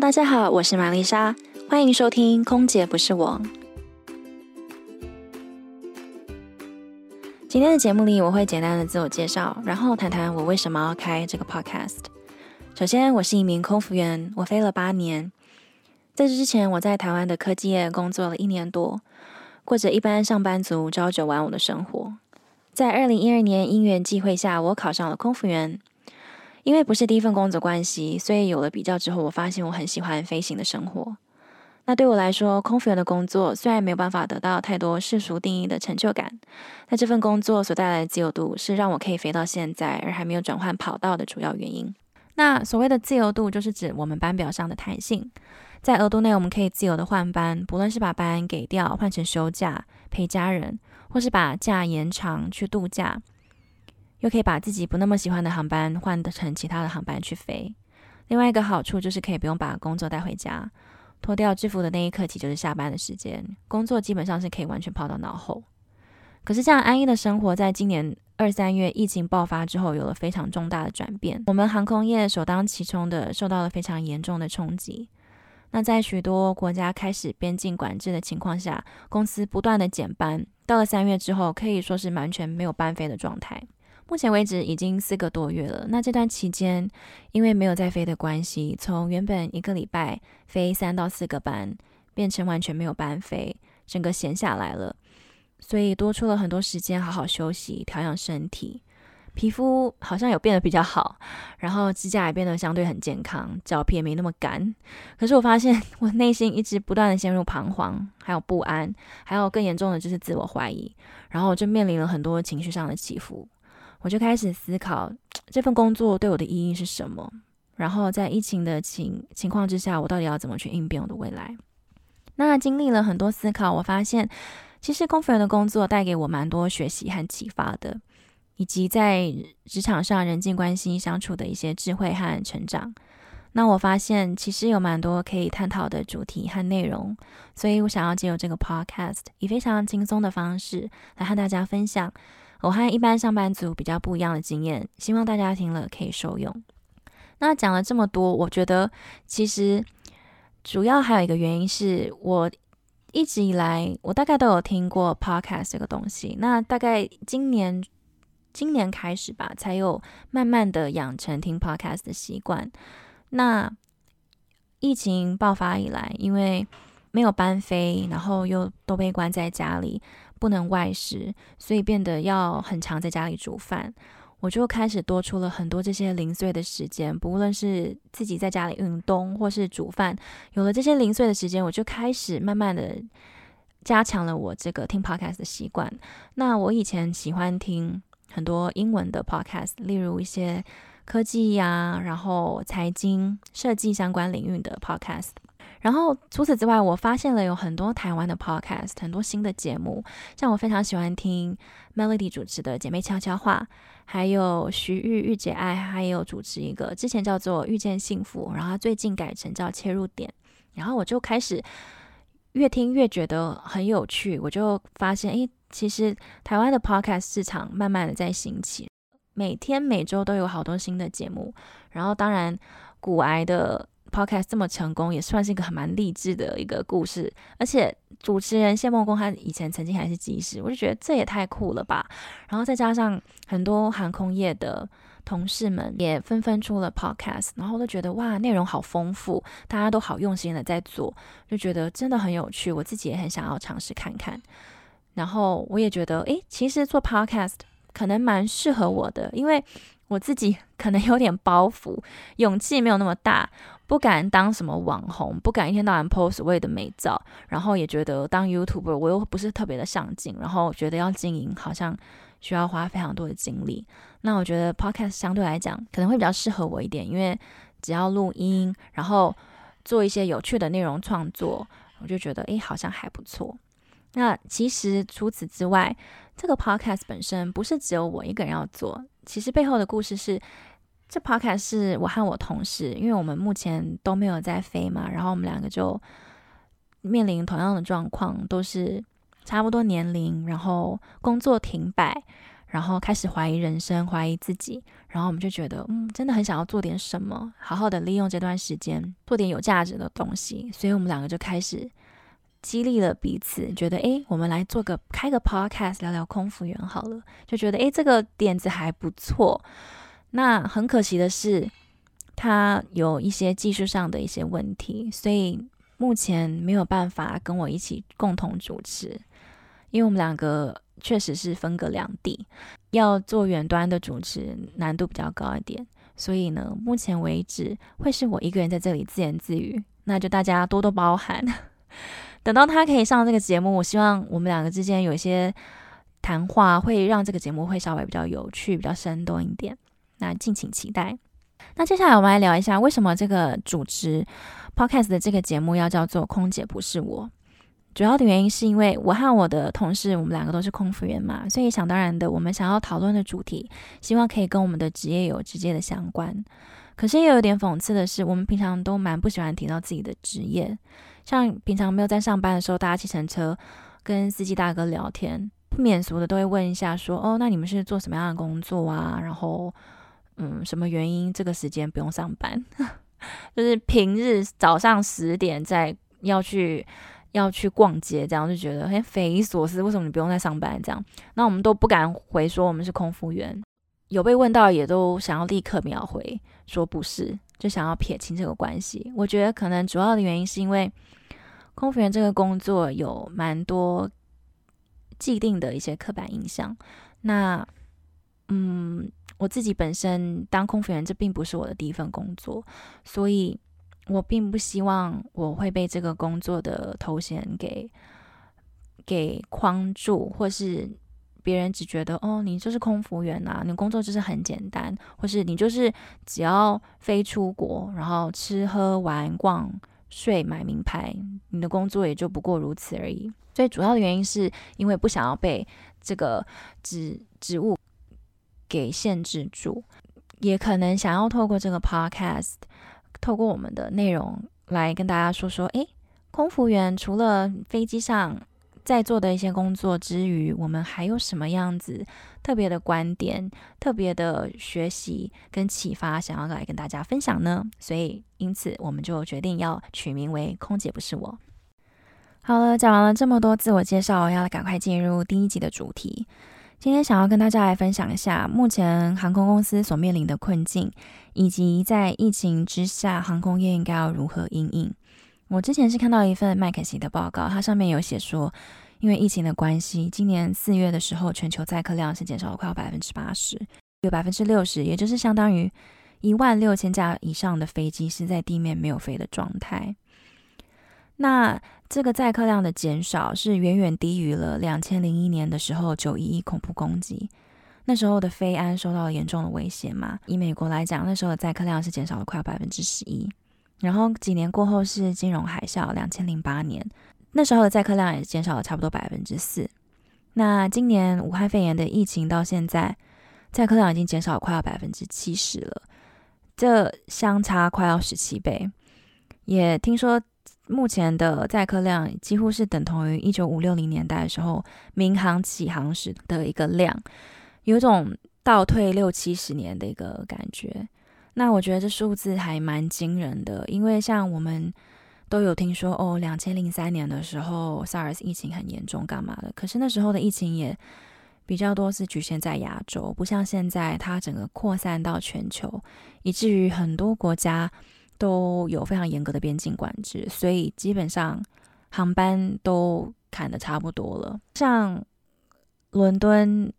大家好，我是瑪麗莎，歡迎收聽《空姐不是我》。今天的節目裡，我會簡單的自我介紹，然後談談我為什麼要開這個 podcast。首先，我是一名空服員，我飛了八年。在這之前，我在台灣的科技業工作了一年多，過着一般上班族朝九晚五的生活。在二零一二年因緣際會下，我考上了空服員。因為不是第一份工作關係，所以有了比較之後，我發現我很喜歡飛行的生活。那對我來說，空服員的工作雖然沒有辦法得到太多世俗定義的成就感，但這份工作所帶來的自由度是讓我可以飛到現在而還沒有轉換跑道的主要原因。那所謂的自由度，就是指我們班表上的彈性，在額度內我們可以自由的換班，不論是把班給掉換成休假、陪家人，或是把假延長去度假。又可以把自己不那麼喜歡的航班換的成其他的航班去飛。另外一個好處就是可以不用把工作帶回家，脫掉制服的那一刻起就是下班的時間，工作基本上是可以完全拋到腦後。可是這樣安逸的生活，在今年二三月疫情爆發之後，有了非常重大的轉變。我們航空業首當其衝的受到了非常嚴重的衝擊。那在許多國家開始邊境管制的情況下，公司不斷的減班，到了三月之後，可以說是完全沒有班飛的狀態。目前為止已經四個多月了。那這段期間，因為沒有在飛的關係，從原本一個禮拜飛三到四個班，變成完全沒有班飛，整個閒下來了，所以多出了很多時間好好休息、調養身體。皮膚好像有變得比較好，然後指甲也變得相對很健康，腳皮也沒那麼乾。可是我發現，我內心一直不斷的陷入彷徨，還有不安，還有更嚴重的就是自我懷疑，然後我就面臨了很多情緒上的起伏。我就開始思考這份工作對我的意義是什麼，然後在疫情的情情況之下，我到底要怎麼去應變我的未來？那經歷了很多思考，我發現其實空服員的工作帶給我蠻多學習和啟發的，以及在職場上人際關係相處的一些智慧和成長。那我發現其實有蠻多可以探討的主題和內容，所以我想要借由這個 podcast，以非常輕鬆的方式來和大家分享。我和一般上班族比較不一樣的經驗，希望大家聽了可以受用。那講了這麼多，我覺得其實主要還有一個原因是我一直以來，我大概都有聽過 podcast 這個東西。那大概今年今年開始吧，才有慢慢的養成聽 podcast 的習慣。那疫情爆發以來，因為沒有班飛，然後又都被關在家裡，不能外食，所以變得要很常在家裡煮飯。我就開始多出了很多這些零碎的時間，不論是自己在家裡運動，或是煮飯，有了這些零碎的時間，我就開始慢慢的加強了我這個聽 podcast 的習慣。那我以前喜歡聽很多英文的 podcast，例如一些科技呀、啊，然後財經、設計相關領域的 podcast。然後除此之外，我發現了有很多台灣的 podcast，很多新的節目，像我非常喜歡聽 Melody 主持的《姐妹悄悄話》，還有徐玉玉姐愛，她也有主持一個，之前叫做《遇見幸福》，然後她最近改成叫《切入點》，然後我就開始越聽越覺得很有趣，我就發現，誒，其實台灣的 podcast 市場慢慢的在興起，每天每周都有好多新的節目，然後當然骨癌的。Podcast 這麼成功，也算是一個很蠻勵志的一個故事。而且主持人謝孟恭他以前曾經還是機師，我就覺得這也太酷了吧。然後再加上很多航空業的同事們也紛紛出了 Podcast，然後我都覺得哇，內容好豐富，大家都好用心的在做，就覺得真的很有趣。我自己也很想要嘗試看看。然後我也覺得，誒，其實做 Podcast 可能蠻適合我的，因為我自己可能有點包袱，勇氣沒有那麼大。不敢當什麼網紅，不敢一天到晚 pose 所謂的美照，然後也覺得當 YouTuber 我又不是特別的上鏡，然後覺得要經營好像需要花非常多的精力。那我覺得 Podcast 相對來講可能會比較適合我一點，因為只要錄音，然後做一些有趣的內容創作，我就覺得哎好像還不錯。那其實除此之外，這個 Podcast 本身不是只有我一個人要做，其實背後的故事是。這 podcast 是我和我同事，因為我們目前都沒有在飛嘛，然後我們兩個就面臨同樣的狀況，都是差不多年齡，然後工作停擺，然後開始懷疑人生，懷疑自己，然後我們就覺得，嗯，真的很想要做點什麼，好好的利用這段時間，做點有價值的東西，所以我們兩個就開始激勵了彼此，覺得，哎，我們來做個開個 podcast，聊聊空服員好了，就覺得，哎，這個點子還不錯。那很可惜的是，他有一些技術上的一些問題，所以目前沒有辦法跟我一起共同主持，因為我們兩個確實是分隔兩地，要做遠端的主持難度比較高一點，所以呢，目前為止會是我一個人在這裡自言自語，那就大家多多包涵。 等到他可以上這個節目，我希望我們兩個之間有一些談話，會讓這個節目會稍微比較有趣、比較生動一點。那敬請期待。那接下來我們來聊一下，為什麼這個主持 podcast 的這個節目要叫做《空姊不是我》？主要的原因是因為我和我的同事，我們兩個都是空服員嘛，所以想當然的，我們想要討論的主題，希望可以跟我們的職業有直接的相關。可是也有點諷刺的是，我們平常都蠻不喜歡提到自己的職業，像平常沒有在上班的時候，大家搭計程車跟司機大哥聊天，不免俗的都會問一下說：“哦，那你們是做什麼樣的工作啊？”然後。嗯，什麼原因？這個時間不用上班， 就是平日早上十點再要去要去逛街，這樣就覺得很匪夷所思，為什麼你不用再上班？這樣，那我們都不敢回說我們是空服員，有被問到也都想要立刻秒回說不是，就想要撇清這個關係。我覺得可能主要的原因是因為空服員這個工作有蠻多既定的一些刻板印象，那嗯。我自己本身當空服員，這並不是我的第一份工作，所以我並不希望我會被這個工作的頭銜給給框住，或是別人只覺得哦，你就是空服員啊，你的工作就是很簡單，或是你就是只要飛出國，然後吃喝玩逛睡買名牌，你的工作也就不過如此而已。最主要的原因是因為不想要被這個職職務給限制住，也可能想要透過這個 podcast，透過我們的內容來跟大家說說，誒，空服員除了飛機上在做的一些工作之餘，我們還有什麼樣子特別的觀點、特別的學習跟啟發，想要來跟大家分享呢？所以，因此我們就決定要取名為空姐不是我。好了，講完了這麼多自我介紹，我要趕快進入第一集的主題。今天想要跟大家來分享一下，目前航空公司所面臨的困境，以及在疫情之下，航空業應該要如何因應。我之前是看到一份麥肯錫的報告，它上面有寫說，因為疫情的關係，今年四月的時候，全球載客量是減少了快要百分之八十，有百分之六十，也就是相當於一萬六千架以上的飛機是在地面沒有飛的狀態。那這個載客量的減少是遠遠低於了兩千零一年的時候九一一恐怖攻擊那時候的飛安受到了嚴重的威脅嘛？以美國來講，那時候的載客量是減少了快要百分之十一。然後幾年過後是金融海嘯，兩千零八年那時候的載客量也減少了差不多百分之四。那今年武漢肺炎的疫情到現在，載客量已經減少了快要百分之七十了，這相差快要十七倍。也聽說。目前的載客量幾乎是等同於一九五六零年代的時候民航起航時的一個量，有種倒退六七十年的一個感覺。那我覺得這數字還蠻驚人的，因為像我們都有聽說哦，兩千零三年的時候，SARS 疫情很嚴重，幹嘛的？可是那時候的疫情也比較多是局限在亞洲，不像現在它整個擴散到全球，以至於很多國家。都有非常嚴格的邊境管制，所以基本上航班都砍得差不多了。像倫敦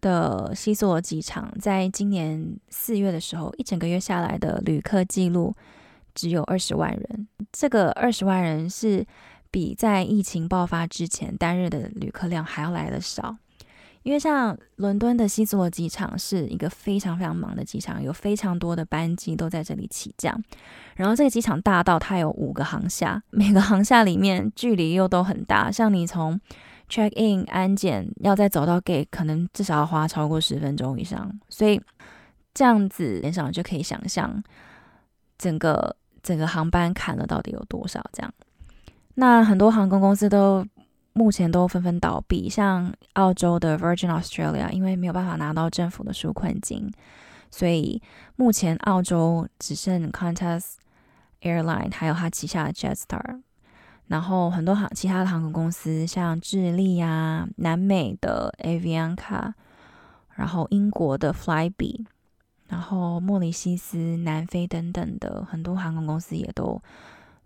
的希斯洛機場，在今年四月的時候，一整個月下來的旅客記錄只有二十萬人。這個二十萬人是比在疫情爆發之前單日的旅客量還要來得少。因為像倫敦的希斯羅機場是一個非常非常忙的機場，有非常多的班機都在這裡起降。然後這個機場大到它有五個航廈，每個航廈裡面距離又都很大，像你從 check in 安檢要再走到 gate，可能至少要花超過十分鐘以上。所以這樣子，聯想就可以想象整個整個航班砍了到底有多少這樣。那很多航空公司都。目前都紛紛倒閉，像澳洲的 Virgin Australia，因為沒有辦法拿到政府的紓困金，所以目前澳洲只剩 Qantas Airline，還有它旗下的 Jetstar，然後很多航其他的航空公司，像智利呀、啊、南美的 Avianca，然後英國的 Flybe，然後莫里西斯、南非等等的很多航空公司也都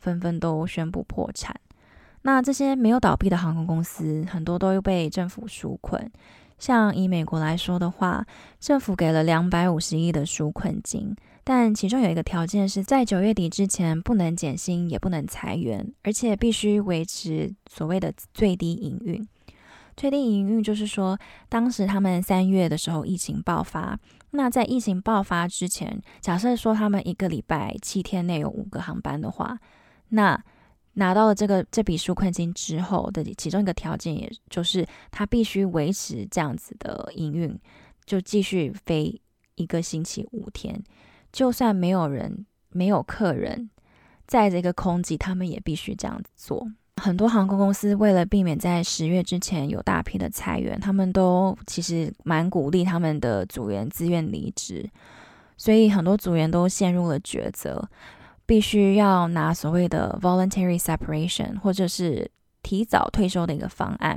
紛紛都宣布破產。那這些沒有倒閉的航空公司，很多都被政府紓困。像以美國來說的話，政府給了兩百五十億的紓困金，但其中有一個條件是，在九月底之前不能減薪，也不能裁員，而且必須維持所謂的最低營運。最低營運就是說，當時他們三月的時候疫情爆發，那在疫情爆發之前，假設說他們一個禮拜七天內有五個航班的話，那。拿到了這個這筆紓困金之後的其中一個條件，也就是他必須維持這樣子的營運，就繼續飛一個星期五天，就算沒有人，沒有客人，在這個空機，他們也必須這樣子做。很多航空公司為了避免在十月之前有大批的裁員，他們都其實蠻鼓勵他們的組員自願離職，所以很多組員都陷入了抉擇。必須要拿所謂的 voluntary separation，或者是提早退休的一個方案。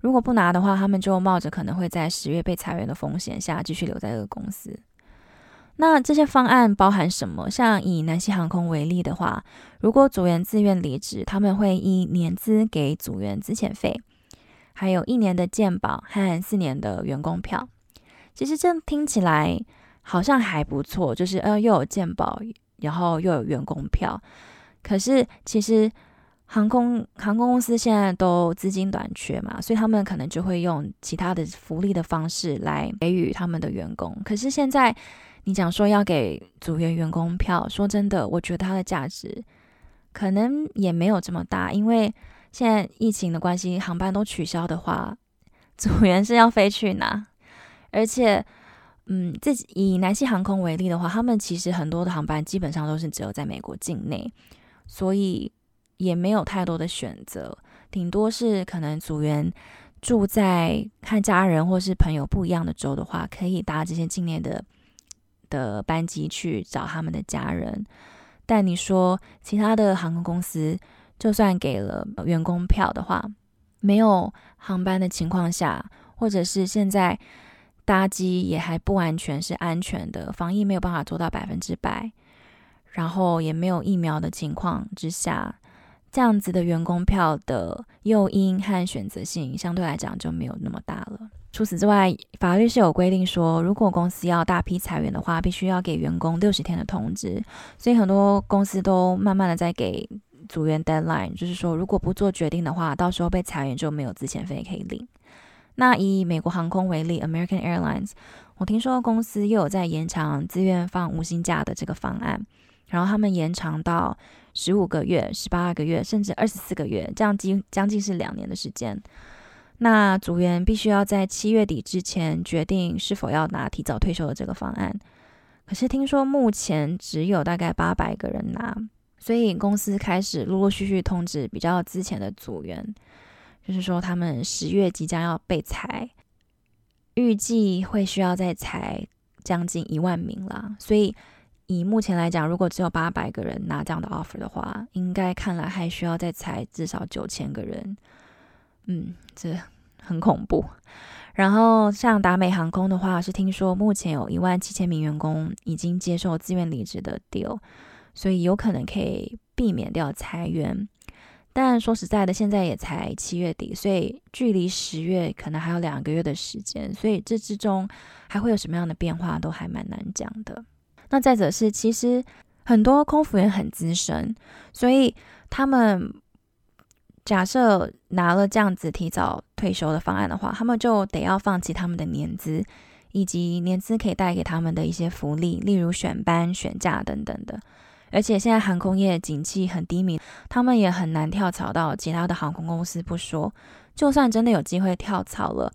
如果不拿的話，他們就冒着可能會在十月被裁員的風險下繼續留在這個公司。那這些方案包含什麼？像以南西航空為例的話，如果組員自願離職，他們會以年資給組員資遣費，還有一年的健保和四年的員工票。其實這樣聽起來好像還不錯，就是呃又有健保。然後又有員工票，可是其實航空航空公司現在都資金短缺嘛，所以他們可能就會用其他的福利的方式來給予他們的員工。可是現在你講說要給組員員工票，說真的，我覺得它的價值可能也沒有這麼大，因為現在疫情的關係，航班都取消的話，組員是要飛去哪？而且。嗯，自己以南西航空為例的話，他們其實很多的航班基本上都是只有在美國境內，所以也沒有太多的選擇。頂多是可能組員住在和家人或是朋友不一樣的州的話，可以搭這些境內的的班機去找他們的家人。但你說其他的航空公司，就算給了員工票的話，沒有航班的情況下，或者是現在。搭機也還不完全是安全的，防疫沒有辦法做到百分之百，然後也沒有疫苗的情況之下，這樣子的員工票的誘因和選擇性相對來講就沒有那麼大了。除此之外，法律是有規定說，如果公司要大批裁員的話，必須要給員工六十天的通知，所以很多公司都慢慢的在給組員 deadline，就是說如果不做決定的話，到時候被裁員就沒有資遣費可以領。那以美國航空為例，American Airlines，我聽說公司又有在延長自願放無薪假的這個方案，然後他們延長到十五個月，十八個月，甚至二十四個月，這樣幾將近是兩年的時間。那組員必須要在七月底之前決定是否要拿提早退休的這個方案。可是聽說目前只有大概八百個人拿，所以公司開始陸陸續續續通知比較之前的組員。就是說，他們十月即將要被裁，預計會需要再裁將近一萬名啦。所以，以目前來講，如果只有八百個人拿這樣的 offer 的話，應該看來還需要再裁至少九千個人。嗯，這很恐怖。然後，像達美航空的話，是聽說目前有一萬七千名員工已經接受自願離職的 deal，所以有可能可以避免掉裁員。但說實在的，現在也才七月底，所以距離十月可能還有兩個月的時間，所以這之中還會有什麼樣的變化，都還蠻難講的。那再者是，其實很多空服員很資深，所以他們假設拿了這樣子提早退休的方案的話，他們就得要放棄他們的年資，以及年資可以帶給他們的一些福利，例如選班、選假等等的。而且現在航空業景氣很低迷，他們也很難跳槽到其他的航空公司不說，就算真的有機會跳槽了，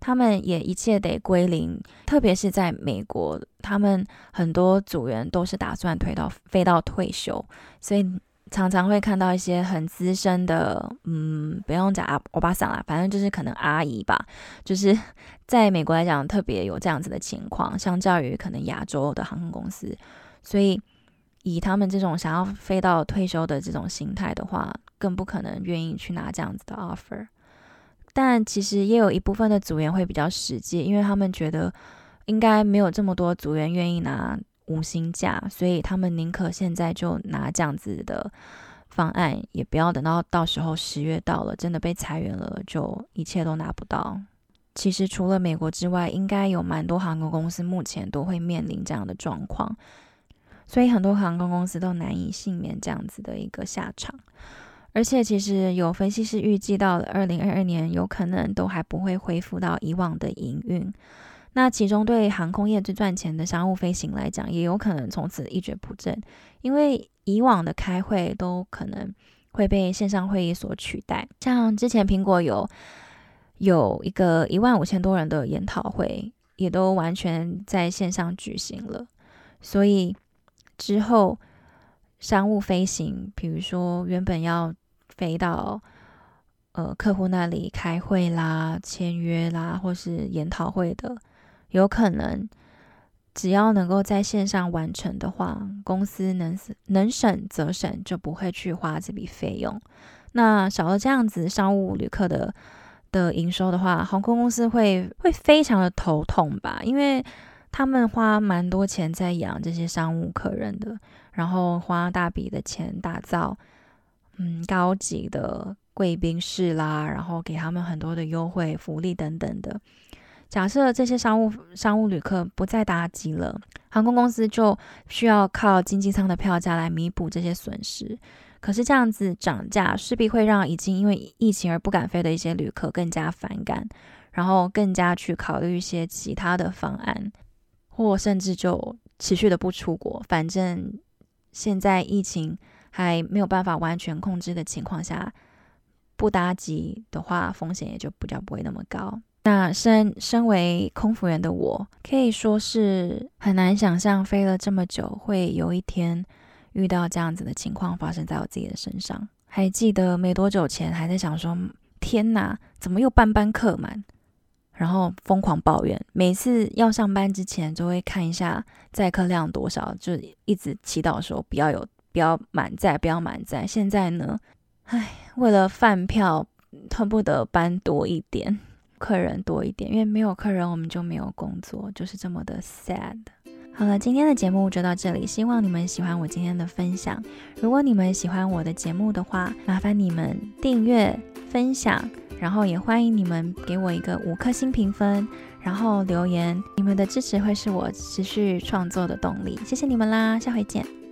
他們也一切得歸零。特別是在美國，他們很多組員都是打算退到飛到退休，所以常常會看到一些很資深的，嗯，不用講阿歐巴桑啦，反正就是可能阿姨吧，就是在美國來講特別有這樣子的情況，相較於可能亞洲的航空公司，所以。以他們這種想要飛到退休的這種心態的話，更不可能願意去拿這樣子的 offer。但其實也有一部分的組員會比較實際，因為他們覺得應該沒有這麼多組員願意拿無薪假，所以他們寧可現在就拿這樣子的方案，也不要等到到時候十月到了，真的被裁員了就一切都拿不到。其實除了美國之外，應該有蠻多航空公司目前都會面臨這樣的狀況。所以很多航空公司都難以幸免這樣子的一個下場，而且其實有分析師預計到了二零二二年，有可能都還不會恢復到以往的營運。那其中對航空業最賺錢的商務飛行來講，也有可能從此一蹶不振，因為以往的開會都可能會被線上會議所取代。像之前蘋果有有一個一萬五千多人的研討會，也都完全在線上舉行了，所以。之後，商務飛行，比如說原本要飛到呃客戶那裡開會啦、簽約啦，或是研討會的，有可能只要能夠在線上完成的話，公司能能省則省，就不會去花這筆費用。那少了這樣子商務旅客的的營收的話，航空公司會會非常的頭痛吧，因為。他們花蠻多錢在養這些商務客人的，然後花大筆的錢打造，嗯，高級的貴賓室啦，然後給他們很多的優惠福利等等的。假設這些商務商務旅客不再搭機了，航空公司就需要靠經濟艙的票價來彌補這些損失。可是這樣子漲價勢必會讓已經因為疫情而不敢飛的一些旅客更加反感，然後更加去考慮一些其他的方案。或甚至就持續的不出國，反正現在疫情還沒有辦法完全控制的情況下，不搭機的話，風險也就比較不會那麼高。那身身為空服員的我，可以說是很難想象飛了這麼久，會有一天遇到這樣子的情況發生在我自己的身上。還記得沒多久前，還在想說：天哪，怎麼又班班客滿？然後瘋狂抱怨，每次要上班之前就會看一下載客量多少，就一直祈禱說不要有，不要滿載，不要滿載。現在呢，唉，為了飯票，恨不得班多一點，客人多一點，因為沒有客人我們就沒有工作，就是這麼的 sad。好了，今天的節目就到這裡，希望你們喜歡我今天的分享。如果你們喜歡我的節目的話，麻煩你們訂閱、分享，然後也歡迎你們給我一個五顆星評分，然後留言。你們的支持會是我持續創作的動力。謝謝你們啦，下回見。